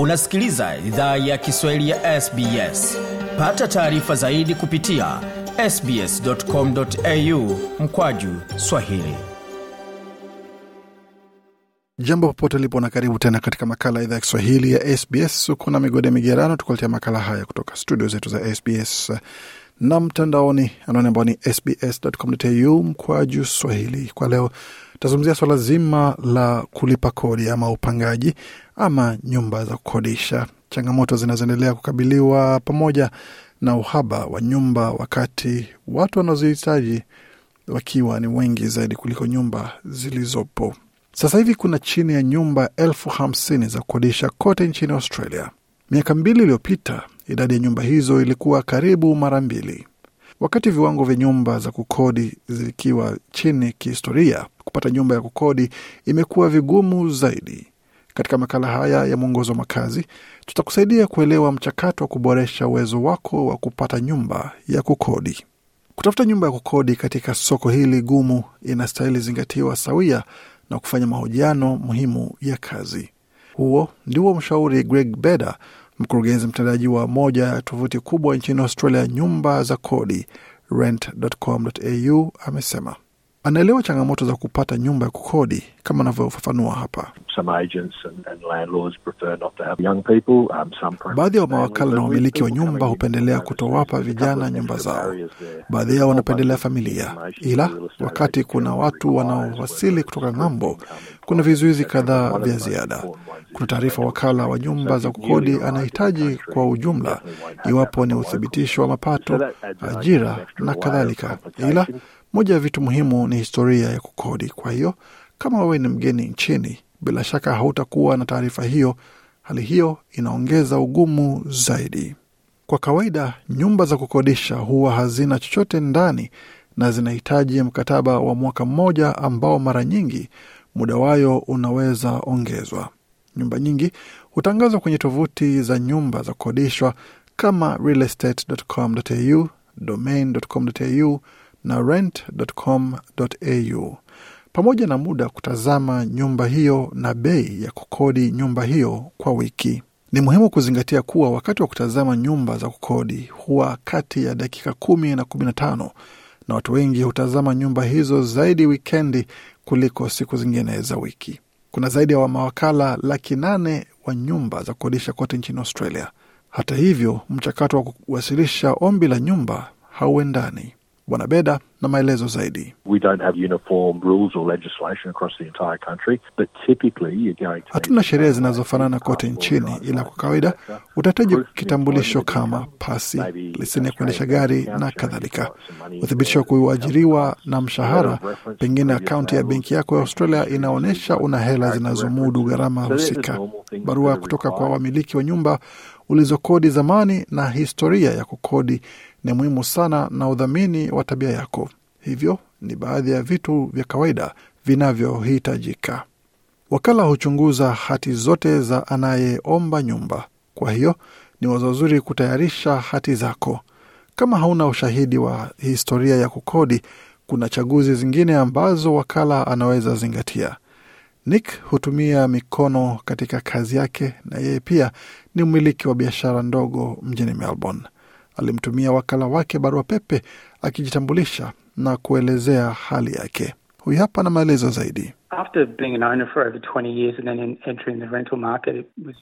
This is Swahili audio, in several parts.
unasikiliza idhaa ya kiswahili ya sbs pata taarifa zaidi kupitia sbscomau mkwaju swahili jambo popote ulipo na karibu tena katika makala idhaa ya kiswahili ya sbs huku na migode migerano tukuletea makala haya kutoka studio zetu za sbs na mtandaoni anaone ambao ni sbscomau mkwaju swahili kwa leo Tutazungumzia swala zima la kulipa kodi ama upangaji ama nyumba za kukodisha, changamoto zinazoendelea kukabiliwa pamoja na uhaba wa nyumba, wakati watu wanazohitaji wakiwa ni wengi zaidi kuliko nyumba zilizopo. Sasa hivi kuna chini ya nyumba elfu hamsini za kukodisha kote nchini Australia. Miaka mbili iliyopita idadi ya nyumba hizo ilikuwa karibu mara mbili. Wakati viwango vya nyumba za kukodi zikiwa chini kihistoria, kupata nyumba ya kukodi imekuwa vigumu zaidi. Katika makala haya ya mwongozo wa makazi, tutakusaidia kuelewa mchakato wa kuboresha uwezo wako wa kupata nyumba ya kukodi. Kutafuta nyumba ya kukodi katika soko hili gumu inastahili zingatiwa sawia na kufanya mahojiano muhimu ya kazi. Huo ndio mshauri Greg Beda mkurugenzi mtendaji wa moja tovuti kubwa nchini Australia, nyumba za kodi rent.com.au, amesema anaelewa changamoto za kupata nyumba ya kukodi kama anavyofafanua hapa. Um, Baadhi ya mawakala na wamiliki wa nyumba hupendelea kutowapa vijana nyumba zao. Baadhi yao wanapendelea familia, ila wakati kuna watu wanaowasili kutoka ng'ambo, kuna vizuizi kadhaa vya ziada. Kuna taarifa wakala wa nyumba za kukodi anahitaji kwa ujumla, iwapo ni uthibitisho wa mapato, ajira na kadhalika, ila moja ya vitu muhimu ni historia ya kukodi. Kwa hiyo kama wewe ni mgeni nchini, bila shaka hautakuwa na taarifa hiyo. Hali hiyo inaongeza ugumu zaidi. Kwa kawaida, nyumba za kukodisha huwa hazina chochote ndani na zinahitaji mkataba wa mwaka mmoja ambao mara nyingi muda wayo unaweza ongezwa. Nyumba nyingi hutangazwa kwenye tovuti za nyumba za kukodishwa kama realestate.com.au, domain.com.au na rent.com.au pamoja na muda kutazama nyumba hiyo na bei ya kukodi nyumba hiyo kwa wiki. Ni muhimu kuzingatia kuwa wakati wa kutazama nyumba za kukodi huwa kati ya dakika kumi na kumi na tano na watu wengi hutazama nyumba hizo zaidi wikendi kuliko siku zingine za wiki. Kuna zaidi ya wa mawakala laki nane wa nyumba za kukodisha kote nchini Australia. Hata hivyo, mchakato wa kuwasilisha ombi la nyumba hauendani Bwana Beda na maelezo zaidi. Hatuna sheria zinazofanana kote nchini, ila kwa kawaida utahitaji kitambulisho kama pasi, leseni ya kuendesha gari na kadhalika, uthibitisho wa kuajiriwa na mshahara. Pengine akaunti ya benki yako ya Australia inaonyesha una hela zinazomudu gharama husika, barua kutoka kwa wamiliki wa nyumba ulizokodi zamani, na historia ya kukodi ni muhimu sana na udhamini wa tabia yako. Hivyo ni baadhi ya vitu vya kawaida vinavyohitajika. Wakala huchunguza hati zote za anayeomba nyumba, kwa hiyo ni wazo zuri kutayarisha hati zako. Kama hauna ushahidi wa historia ya kukodi, kuna chaguzi zingine ambazo wakala anaweza zingatia. Nick hutumia mikono katika kazi yake na yeye pia ni mmiliki wa biashara ndogo mjini Melbourne alimtumia wakala wake barua pepe akijitambulisha na kuelezea hali yake. Huyu hapa na maelezo zaidi.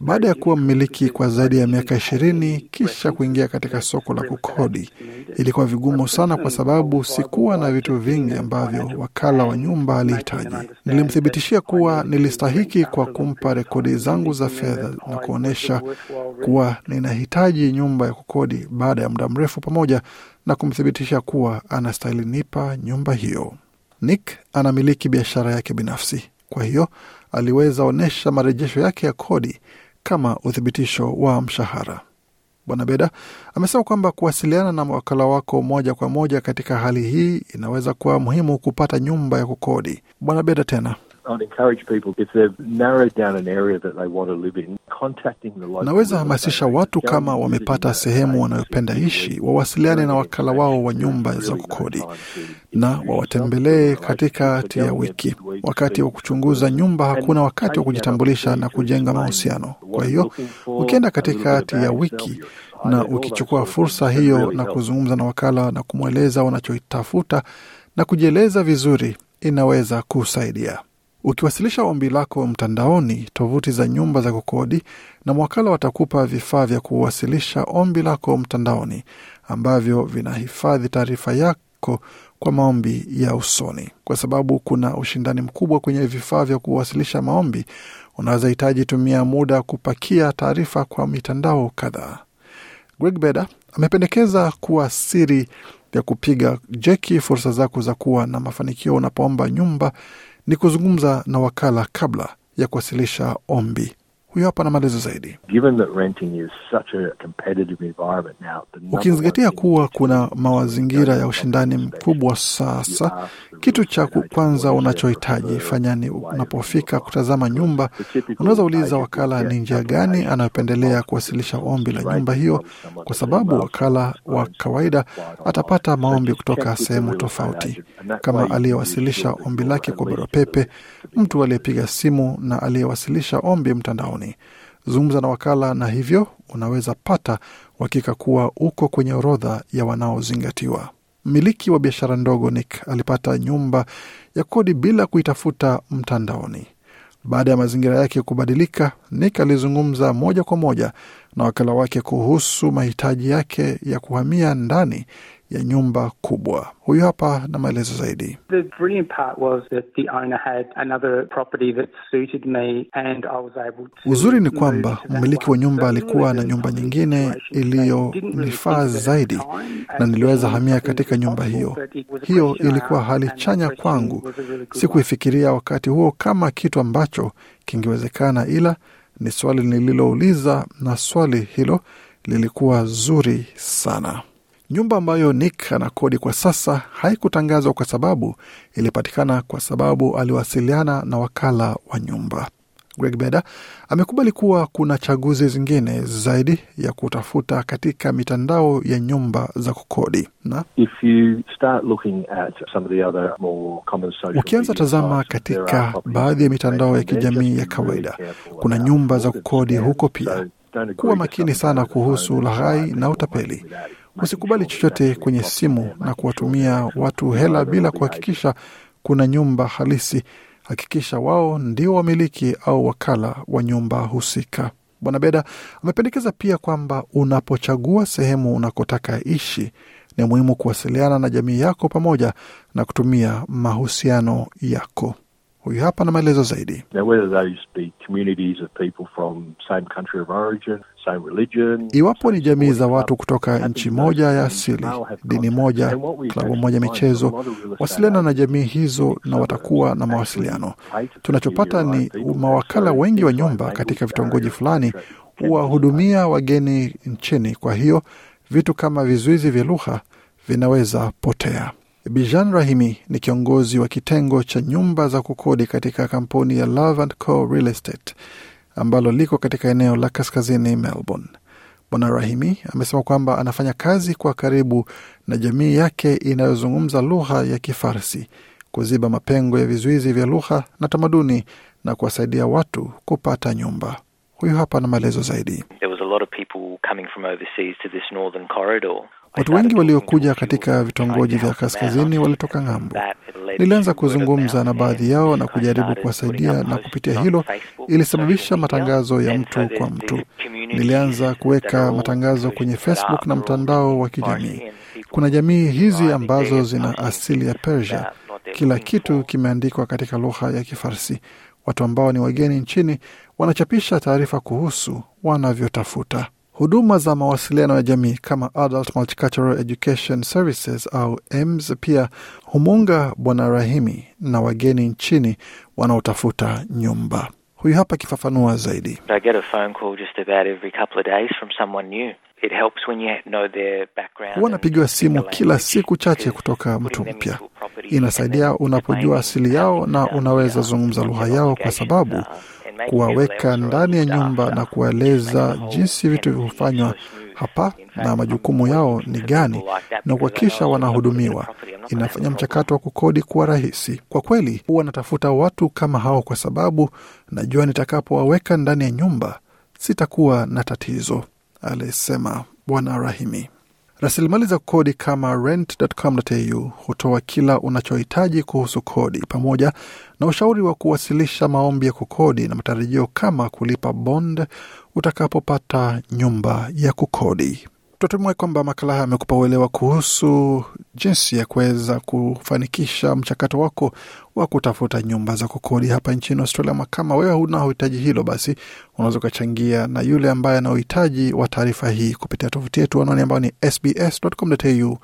Baada ya kuwa mmiliki kwa zaidi ya miaka ishirini kisha kuingia katika soko la kukodi, ilikuwa vigumu sana kwa sababu sikuwa na vitu vingi ambavyo wakala wa nyumba alihitaji. Nilimthibitishia kuwa nilistahiki kwa kumpa rekodi zangu za fedha na kuonyesha kuwa ninahitaji nyumba ya kukodi baada ya muda mrefu, pamoja na kumthibitisha kuwa anastahili nipa nyumba hiyo. Nick anamiliki biashara yake binafsi, kwa hiyo aliweza onyesha marejesho yake ya kodi kama uthibitisho wa mshahara. Bwana Beda amesema kwamba kuwasiliana na wakala wako moja kwa moja katika hali hii inaweza kuwa muhimu kupata nyumba ya kukodi. Bwana Beda tena Naweza hamasisha watu kama wamepata sehemu wanayopenda ishi, wawasiliane na wakala wao wa nyumba za kukodi na wawatembelee katikati ya wiki. Wakati wa kuchunguza nyumba hakuna wakati wa kujitambulisha na kujenga mahusiano. Kwa hiyo ukienda katikati ya wiki na ukichukua fursa hiyo na kuzungumza na wakala na kumweleza wanachotafuta na kujieleza vizuri, inaweza kusaidia. Ukiwasilisha ombi lako mtandaoni, tovuti za nyumba za kukodi na mwakala watakupa vifaa vya kuwasilisha ombi lako mtandaoni ambavyo vinahifadhi taarifa yako kwa maombi ya usoni. Kwa sababu kuna ushindani mkubwa kwenye vifaa vya kuwasilisha maombi, unaweza hitaji tumia muda kupakia taarifa kwa mitandao kadhaa. Greg Beda amependekeza kuwa siri ya kupiga jeki fursa zako za kuwa na mafanikio unapoomba nyumba ni kuzungumza na wakala kabla ya kuwasilisha ombi. Huyo hapa na maelezo zaidi. Ukizingatia kuwa kuna mazingira ya ushindani mkubwa sasa, kitu cha kwanza unachohitaji fanyani unapofika kutazama nyumba, unaweza uliza wakala ni njia gani anayopendelea kuwasilisha ombi la nyumba hiyo, kwa sababu wakala wa kawaida atapata maombi kutoka sehemu tofauti, kama aliyewasilisha ombi lake kwa barua pepe, mtu aliyepiga simu na aliyewasilisha ombi mtandaoni. Zungumza na wakala, na hivyo unaweza pata uhakika kuwa uko kwenye orodha ya wanaozingatiwa. Mmiliki wa biashara ndogo Nick alipata nyumba ya kodi bila kuitafuta mtandaoni. Baada ya mazingira yake kubadilika, Nick alizungumza moja kwa moja na wakala wake kuhusu mahitaji yake ya kuhamia ndani ya nyumba kubwa. Huyu hapa na maelezo zaidi. The brilliant part was that the owner had another property that suited me and I was able to. Uzuri ni kwamba mmiliki wa nyumba alikuwa na nyumba nyingine iliyonifaa zaidi na niliweza hamia katika nyumba hiyo. Hiyo ilikuwa hali chanya kwangu. Sikuifikiria wakati huo kama kitu ambacho kingewezekana, ila ni swali nililouliza na swali hilo lilikuwa zuri sana. Nyumba ambayo Nick anakodi kwa sasa haikutangazwa kwa sababu ilipatikana kwa sababu aliwasiliana na wakala wa nyumba. Greg Beda amekubali kuwa kuna chaguzi zingine zaidi ya kutafuta katika mitandao ya nyumba za kukodi na ukianza tazama katika baadhi ya mitandao ya kijamii ya kawaida, kuna nyumba za kukodi huko pia. Kuwa makini sana kuhusu laghai na utapeli. Usikubali chochote kwenye simu na kuwatumia watu hela bila kuhakikisha kuna nyumba halisi. Hakikisha wao ndio wamiliki au wakala wa nyumba husika. Bwana Beda amependekeza pia kwamba unapochagua sehemu unakotaka ishi, ni muhimu kuwasiliana na jamii yako pamoja na kutumia mahusiano yako. Huyu hapa na maelezo zaidi. Iwapo ni jamii za watu kutoka nchi moja ya asili, dini moja, klabu moja, michezo, wasiliana na jamii hizo na watakuwa na mawasiliano. Tunachopata ni mawakala wengi wa nyumba katika vitongoji fulani huwahudumia wageni nchini, kwa hiyo vitu kama vizuizi vya lugha vinaweza potea. Bijan Rahimi ni kiongozi wa kitengo cha nyumba za kukodi katika kampuni ya Love and Co Real Estate ambalo liko katika eneo la kaskazini Melbourne. Bwana Rahimi amesema kwamba anafanya kazi kwa karibu na jamii yake inayozungumza lugha ya Kifarsi kuziba mapengo ya vizuizi vya lugha na tamaduni na kuwasaidia watu kupata nyumba. Huyu hapa na maelezo zaidi. There was a lot of people coming from overseas to this northern corridor. Watu wengi waliokuja katika vitongoji vya kaskazini walitoka ng'ambo. Nilianza kuzungumza na baadhi yao na kujaribu kuwasaidia, na kupitia hilo ilisababisha matangazo ya mtu kwa mtu. Nilianza kuweka matangazo kwenye Facebook na mtandao wa kijamii. Kuna jamii hizi ambazo zina asili ya Persia. Kila kitu kimeandikwa katika lugha ya Kifarsi. Watu ambao ni wageni nchini wanachapisha taarifa kuhusu wanavyotafuta. Huduma za mawasiliano ya jamii kama Adult Multicultural Education Services au EMS pia humunga Bwana Rahimi na wageni nchini wanaotafuta nyumba. Huyu hapa akifafanua zaidi. Huwa napigiwa simu kila siku chache kutoka mtu mpya. Inasaidia unapojua asili yao na unaweza zungumza lugha yao, kwa sababu kuwaweka ndani ya nyumba na kuwaeleza jinsi vitu hufanywa hapa na majukumu yao ni gani na kuhakikisha wanahudumiwa. Inafanya mchakato wa kukodi kuwa rahisi. Kwa kweli, huwa natafuta watu kama hao kwa sababu najua nitakapowaweka ndani ya nyumba sitakuwa na tatizo, alisema Bwana Rahimi. Rasilimali za kodi kama rent.com.au hutoa kila unachohitaji kuhusu kodi pamoja na ushauri wa kuwasilisha maombi ya kukodi na matarajio kama kulipa bond utakapopata nyumba ya kukodi. Tunatumai kwamba makala haya amekupa uelewa kuhusu jinsi ya kuweza kufanikisha mchakato wako wa kutafuta nyumba za kukodi hapa nchini Australia. Ama kama wewe huna uhitaji hilo, basi unaweza ukachangia na yule ambaye ana uhitaji wa taarifa hii kupitia tovuti yetu, anwani ambayo ni sbs.com.au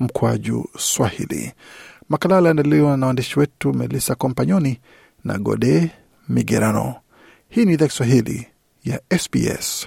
mkwaju Swahili. Makala aliandaliwa na waandishi wetu Melissa Kompanyoni na Gode Migerano. Hii ni idhaa Kiswahili ya SBS.